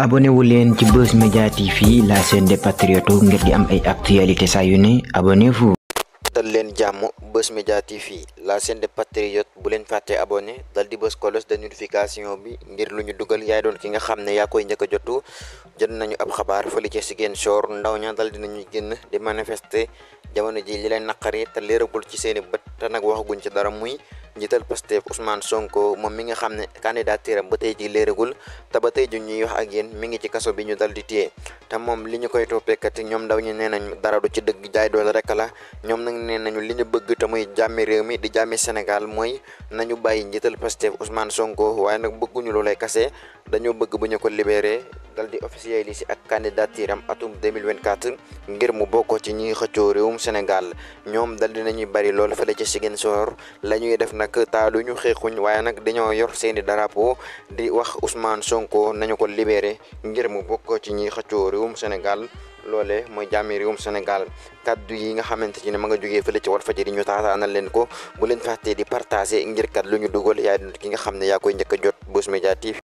abonné wu leen ci Buzz Media TV la seen des patriotes ngir di am ay actualité saa yu ne abonnez-vous. dal leen jàmm Buzz Media TV la chaîne des patriotes bu leen fàtte abone dal di bës cloche de notification bi ngir lu ñu dugal yaay doon ki nga xam ne yaa koy njëkk a jotu jot nañu ab xabaar fële ci Ziguinchor ndaw ña dal ñuy génn di manifester jamono ji li leen naqari te leeragul ci seeni bët te nag waxaguñ ci dara muy. njiital Pastef Ousmane Sonko moom mi nga xam ne candidature am ba tey ji léeragul te ba tey ji ñuy wax ak yéen mi ngi ci kaso bi ñu dal di téye te moom li ñu koy toppeekati ñoom ndaw ñu nee nañu dara du ci dëgg jaay doole rek la ñoom nag nee nañu li ñu bëgg te muy jàmmi réew mi di jàmmi Sénégal mooy na ñu bàyyi njiital Pastef Ousmane Sonko waaye nag bëgguñu loo lay kase dañoo bëgg bu ñu ko libéré dal di officialiser ak candidature am atum 2024 ngir mu bokkoo ci ñi xëccoo réewum Sénégal ñoom dal di nañuy bari lool fële ci Ziguinchor la ñuy def nag taalu ñu xeexuñ waaye nag dañoo yor seeni drapeau di wax Ousmane Sonko nañu ko libéré ngir mu bokkoo ci ñi xëccoo réewum Sénégal loole mooy jàmmi réewum Sénégal du yi nga xamante ci ne ma nga jógee fële ci Walfadjri ñu taataanal leen ko bu leen fàttee di partagé ngir kat lu ñu dugal yaay ki nga xam ne yaa koy njëkk jot Boss Media TV